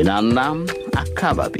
ጤናና አካባቢ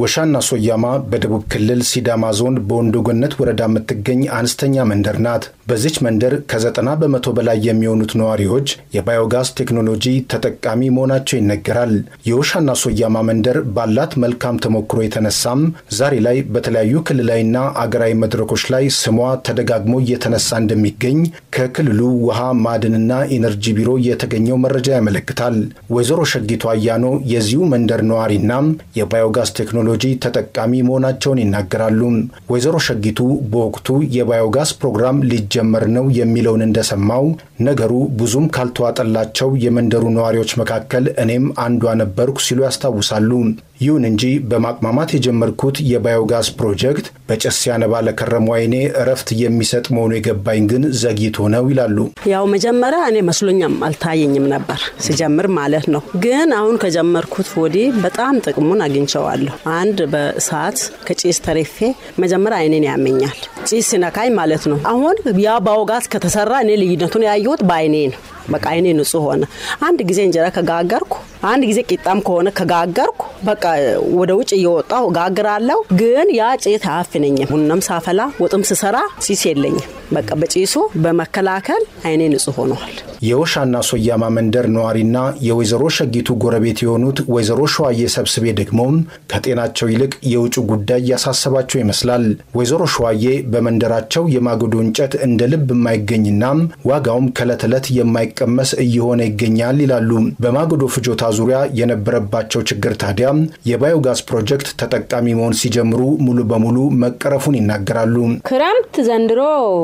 ወሻና ሶያማ በደቡብ ክልል ሲዳማ ዞን በወንዶ ገነት ወረዳ የምትገኝ አነስተኛ መንደር ናት። በዚች መንደር ከዘጠና በመቶ በላይ የሚሆኑት ነዋሪዎች የባዮጋዝ ቴክኖሎጂ ተጠቃሚ መሆናቸው ይነገራል። የወሻና ሶያማ መንደር ባላት መልካም ተሞክሮ የተነሳም ዛሬ ላይ በተለያዩ ክልላዊና አገራዊ መድረኮች ላይ ስሟ ተደጋግሞ እየተነሳ እንደሚገኝ ከክልሉ ውሃ ማዕድንና ኢነርጂ ቢሮ የተገኘው መረጃ ያመለክታል። ወይዘሮ ሸጊቱ አያኖ የዚሁ መንደር ነዋሪና የባዮጋዝ ቴክኖሎጂ ተጠቃሚ መሆናቸውን ይናገራሉ። ወይዘሮ ሸጊቱ በወቅቱ የባዮጋዝ ፕሮግራም ሊጀመር ነው የሚለውን እንደሰማው ነገሩ ብዙም ካልተዋጠላቸው የመንደሩ ነዋሪዎች መካከል እኔም አንዷ ነበርኩ ሲሉ ያስታውሳሉ። ይሁን እንጂ በማቅማማት የጀመርኩት የባዮጋዝ ፕሮጀክት በጭስ ሲያነባ ለከረሙ አይኔ እረፍት የሚሰጥ መሆኑ የገባኝ ግን ዘግይቶ ነው ይላሉ። ያው መጀመሪያ እኔ መስሎኛም አልታየኝም ነበር ሲጀምር ማለት ነው። ግን አሁን ከጀመርኩት ወዲህ በጣም ጥቅሙን አግኝቸዋለሁ። አንድ በእሳት ከጭስ ተሬፌ መጀመሪያ አይኔን ያመኛል ጭስ ሲነካኝ ማለት ነው። አሁን ያ ባዮጋዝ ከተሰራ እኔ ልዩነቱን ያየሁት በአይኔ ነው። በቃ አይኔ ንጹህ ሆነ። አንድ ጊዜ እንጀራ ከጋገርኩ፣ አንድ ጊዜ ቂጣም ከሆነ ከጋገርኩ በቃ ወደ ውጭ እየወጣሁ ጋግራለሁ። ግን ያ ጭት አያፍነኝም። ቡናም ሳፈላ ወጥም ስሰራ ሲስ የለኝም። በቃ በጭሱ በመከላከል አይኔ ንጹህ ሆነዋል። የወሻና ሶያማ መንደር ነዋሪና የወይዘሮ ሸጊቱ ጎረቤት የሆኑት ወይዘሮ ሸዋዬ ሰብስቤ ደግሞ ከጤናቸው ይልቅ የውጭ ጉዳይ ያሳሰባቸው ይመስላል። ወይዘሮ ሸዋዬ በመንደራቸው የማገዶ እንጨት እንደ ልብ የማይገኝና ዋጋውም ከዕለት ዕለት የማይቀመስ እየሆነ ይገኛል ይላሉ። በማገዶ ፍጆታ ዙሪያ የነበረባቸው ችግር ታዲያ የባዮጋዝ ፕሮጀክት ተጠቃሚ መሆን ሲጀምሩ ሙሉ በሙሉ መቀረፉን ይናገራሉ። ክረምት ዘንድሮ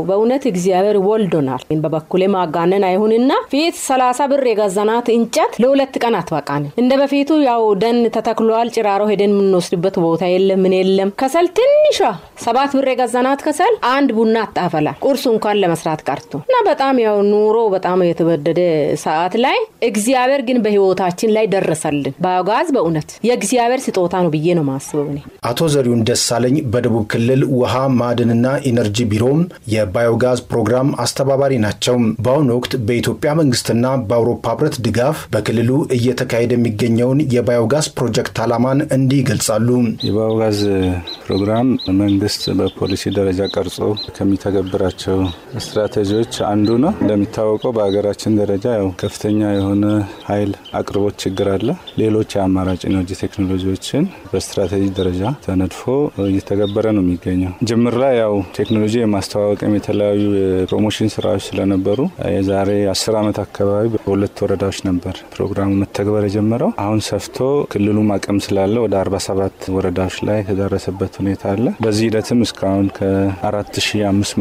በእውነት እግዚአብሔር ወልዶናል። በበኩሌ ማጋነን አይሁንና እና ፊት ሰላሳ ብር የገዛናት እንጨት ለሁለት ቀን አትበቃን። እንደ በፊቱ ያው ደን ተተክሏል። ጭራሮ ሄደን የምንወስድበት ቦታ የለም፣ ምን የለም። ከሰል ትንሿ ሰባት ብር የገዛናት ከሰል አንድ ቡና አጣፈላል ቁርሱ እንኳን ለመስራት ቀርቶ እና በጣም ያው ኑሮ በጣም የተበደደ ሰዓት ላይ እግዚአብሔር ግን በህይወታችን ላይ ደረሰልን። በአጋዝ በእውነት የእግዚአብሔር ስጦታ ነው ብዬ ነው ማስበው። እኔ አቶ ዘሪሁን ደሳለኝ በደቡብ ክልል ውሃ ማዕድንና ኢነርጂ ቢሮም የባዮጋዝ ፕሮግራም አስተባባሪ ናቸው። በአሁኑ ወቅት በኢትዮ በኢትዮጵያ መንግስትና በአውሮፓ ህብረት ድጋፍ በክልሉ እየተካሄደ የሚገኘውን የባዮጋዝ ፕሮጀክት ዓላማን እንዲህ ይገልጻሉ። የባዮጋዝ ፕሮግራም መንግስት በፖሊሲ ደረጃ ቀርጾ ከሚተገብራቸው ስትራቴጂዎች አንዱ ነው። እንደሚታወቀው በሀገራችን ደረጃ ያው ከፍተኛ የሆነ ኃይል አቅርቦት ችግር አለ። ሌሎች የአማራጭ ኢነርጂ ቴክኖሎጂዎችን በስትራቴጂ ደረጃ ተነድፎ እየተገበረ ነው የሚገኘው። ጅምር ላይ ያው ቴክኖሎጂ የማስተዋወቅም የተለያዩ የፕሮሞሽን ስራዎች ስለነበሩ የዛሬ አስር ዓመት አካባቢ በሁለት ወረዳዎች ነበር ፕሮግራሙ መተግበር የጀመረው። አሁን ሰፍቶ ክልሉም አቅም ስላለ ወደ ሰባት ወረዳዎች ላይ የተደረሰበት ሁኔታ አለ። በዚህ ሂደትም እስካሁን ከ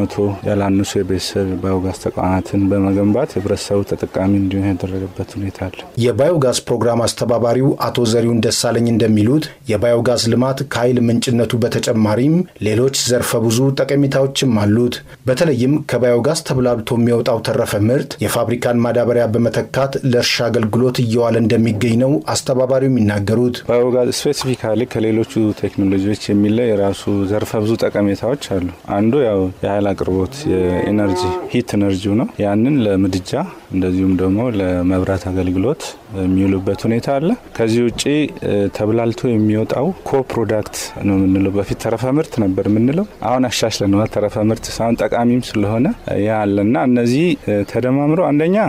መቶ ያላነሱ የቤተሰብ ባዮጋዝ ተቋማትን በመገንባት ህብረተሰቡ ተጠቃሚ እንዲሆን ያደረገበት ሁኔታ አለ። የባዮጋዝ ፕሮግራም አስተባባሪው አቶ ዘሪሁን ደሳለኝ እንደሚሉት የባዮጋዝ ልማት ከኃይል ምንጭነቱ በተጨማሪም ሌሎች ዘርፈ ብዙ ጠቀሜታዎችም አሉት። በተለይም ከባዮጋዝ ተብላልቶ የሚወጣው ተረፈ ምርት የፋብሪ የፋብሪካን ማዳበሪያ በመተካት ለእርሻ አገልግሎት እየዋለ እንደሚገኝ ነው አስተባባሪው የሚናገሩት። ባዮጋዝ ስፔሲፊካሊ ከሌሎቹ ቴክኖሎጂዎች የሚለይ የራሱ ዘርፈ ብዙ ጠቀሜታዎች አሉ። አንዱ ያው የኃይል አቅርቦት የኤነርጂ ሂት ኤነርጂው ነው። ያንን ለምድጃ እንደዚሁም ደግሞ ለመብራት አገልግሎት የሚውሉበት ሁኔታ አለ። ከዚህ ውጭ ተብላልቶ የሚወጣው ፕሮዳክት ነው የምንለው። በፊት ተረፈ ምርት ነበር የምንለው፣ አሁን አሻሽለነዋል። ተረፈ ምርት ሳይሆን ጠቃሚም ስለሆነ አለና እነዚህ ተደማምረው አንደ አንደኛ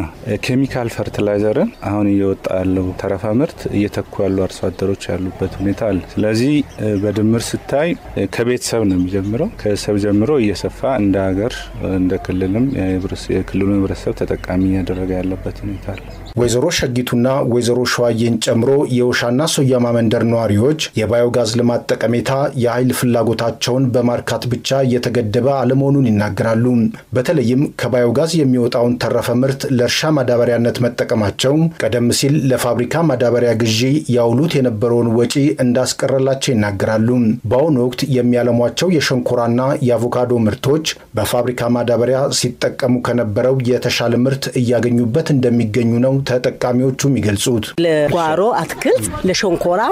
ኬሚካል ፈርቲላይዘርን አሁን እየወጣ ያለው ተረፈ ምርት እየተኩ ያሉ አርሶ አደሮች ያሉበት ሁኔታ አለ። ስለዚህ በድምር ስታይ ከቤተሰብ ነው የሚጀምረው። ከቤተሰብ ጀምሮ እየሰፋ እንደ ሀገር እንደ ክልልም የክልሉ ህብረተሰብ ተጠቃሚ እያደረገ ያለበት ሁኔታ አለ። ወይዘሮ ሸጊቱና ወይዘሮ ሸዋዬን ጨምሮ የውሻና ሶያማ መንደር ነዋሪዎች የባዮጋዝ ልማት ጠቀሜታ የኃይል ፍላጎታቸውን በማርካት ብቻ እየተገደበ አለመሆኑን ይናገራሉ። በተለይም ከባዮጋዝ የሚወጣውን ተረፈ ምርት ምርት ለእርሻ ማዳበሪያነት መጠቀማቸው ቀደም ሲል ለፋብሪካ ማዳበሪያ ግዢ ያውሉት የነበረውን ወጪ እንዳስቀረላቸው ይናገራሉ። በአሁኑ ወቅት የሚያለሟቸው የሸንኮራና የአቮካዶ ምርቶች በፋብሪካ ማዳበሪያ ሲጠቀሙ ከነበረው የተሻለ ምርት እያገኙበት እንደሚገኙ ነው ተጠቃሚዎቹ የሚገልጹት። ለጓሮ አትክልት፣ ለሸንኮራ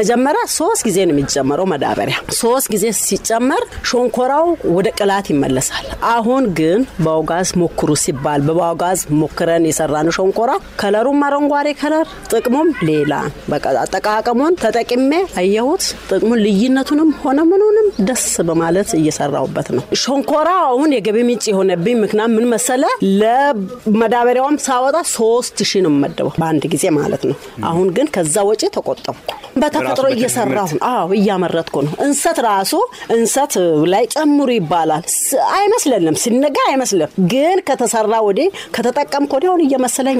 መጀመሪያ ሶስት ጊዜ ነው የሚጨመረው ማዳበሪያ። ሶስት ጊዜ ሲጨመር ሸንኮራው ወደ ቅላት ይመለሳል። አሁን ግን በአውጋዝ ሞክሩ ሲባል በአውጋዝ ሞክረን የሰራን ሸንኮራ ከለሩም አረንጓዴ ከለር፣ ጥቅሙም ሌላ። በቃ አጠቃቀሙን ተጠቅሜ አየሁት። ጥቅሙን ልዩነቱንም ሆነ ምኑንም ደስ በማለት እየሰራውበት ነው። ሸንኮራ አሁን የገቢ ምንጭ የሆነብኝ ምክንያት ምን መሰለ? ለመዳበሪያውም ሳወጣ ሶስት ሺ ነው መደበው በአንድ ጊዜ ማለት ነው። አሁን ግን ከዛ ወጪ ተቆጠብኩ። በተፈጥሮ እየሰራሁ አዎ እያመረትኩ ነው። እንሰት ራሱ እንሰት ላይ ጨምሩ ይባላል። አይመስለንም ሲነጋ አይመስልም፣ ግን ከተሰራ ወዴ ከተጠቀምክ ወዲህ አሁን እየመሰለኝ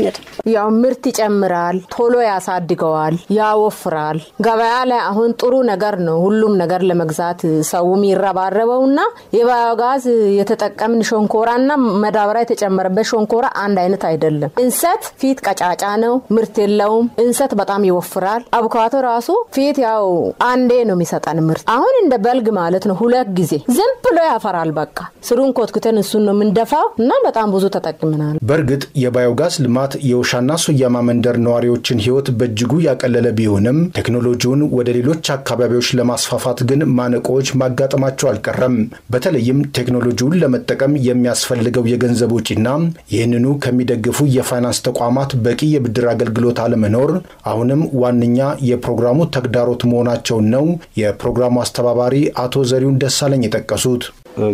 ያው ምርት ይጨምራል፣ ቶሎ ያሳድገዋል፣ ያወፍራል። ገበያ ላይ አሁን ጥሩ ነገር ነው። ሁሉም ነገር ለመግዛት ሰውም ይረባረበውና የባዮጋዝ የተጠቀምን ሾንኮራና መዳበራ የተጨመረበት ሾንኮራ አንድ አይነት አይደለም። እንሰት ፊት ቀጫጫ ነው፣ ምርት የለውም። እንሰት በጣም ይወፍራል። አቡካቶ ራሱ ራሱ ፊት ያው አንዴ ነው የሚሰጠን ምርት። አሁን እንደ በልግ ማለት ነው ሁለት ጊዜ ዝም ብሎ ያፈራል። በቃ ስሩን ኮትኩተን እሱን ነው የምንደፋው እና በጣም ብዙ ተጠቅምናል። በእርግጥ የባዮጋዝ ልማት የውሻና ሱያማ መንደር ነዋሪዎችን ህይወት በእጅጉ ያቀለለ ቢሆንም ቴክኖሎጂውን ወደ ሌሎች አካባቢዎች ለማስፋፋት ግን ማነቆዎች ማጋጠማቸው አልቀረም። በተለይም ቴክኖሎጂውን ለመጠቀም የሚያስፈልገው የገንዘብ ወጪና ይህንኑ ከሚደግፉ የፋይናንስ ተቋማት በቂ የብድር አገልግሎት አለመኖር አሁንም ዋነኛ የፕሮግራም ፕሮግራሙ ተግዳሮት መሆናቸው ነው የፕሮግራሙ አስተባባሪ አቶ ዘሪሁን ደሳለኝ የጠቀሱት።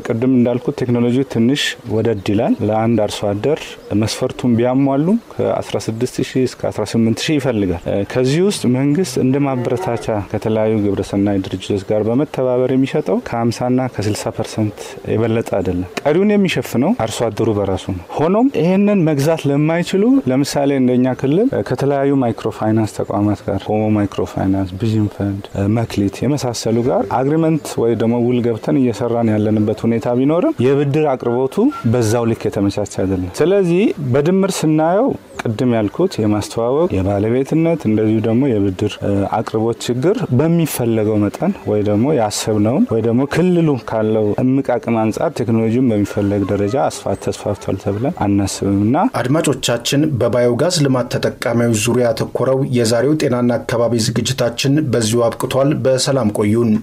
ቅድም እንዳልኩት ቴክኖሎጂ ትንሽ ወደድ ይላል። ለአንድ አርሶ አደር መስፈርቱን ቢያሟሉ ከ16000 እስከ 18000 ይፈልጋል። ከዚህ ውስጥ መንግስት እንደ ማበረታቻ ከተለያዩ ግብረሰናይ ድርጅቶች ጋር በመተባበር የሚሸጠው ከ50ና ከ60 ፐርሰንት የበለጠ አይደለም። ቀሪውን የሚሸፍነው አርሶ አደሩ በራሱ ነው። ሆኖም ይህንን መግዛት ለማይችሉ ለምሳሌ እንደኛ ክልል ከተለያዩ ማይክሮ ፋይናንስ ተቋማት ጋር ሆሞ ማይክሮ ፋይናንስ፣ ቪዥን ፈንድ፣ መክሊት የመሳሰሉ ጋር አግሪመንት ወይ ደግሞ ውል ገብተን እየሰራን ያለንበት ያለንበት ሁኔታ ቢኖርም የብድር አቅርቦቱ በዛው ልክ የተመቻቸ አይደለም። ስለዚህ በድምር ስናየው ቅድም ያልኩት የማስተዋወቅ የባለቤትነት እንደዚሁ ደግሞ የብድር አቅርቦት ችግር በሚፈለገው መጠን ወይ ደግሞ ያሰብነውን ወይ ደግሞ ክልሉ ካለው እምቅ አቅም አንጻር ቴክኖሎጂውን በሚፈለግ ደረጃ አስፋት ተስፋፍቷል ተብለን አናስብም ና አድማጮቻችን፣ በባዮጋዝ ልማት ተጠቃሚዎች ዙሪያ ያተኮረው የዛሬው ጤናና አካባቢ ዝግጅታችን በዚሁ አብቅቷል። በሰላም ቆዩን።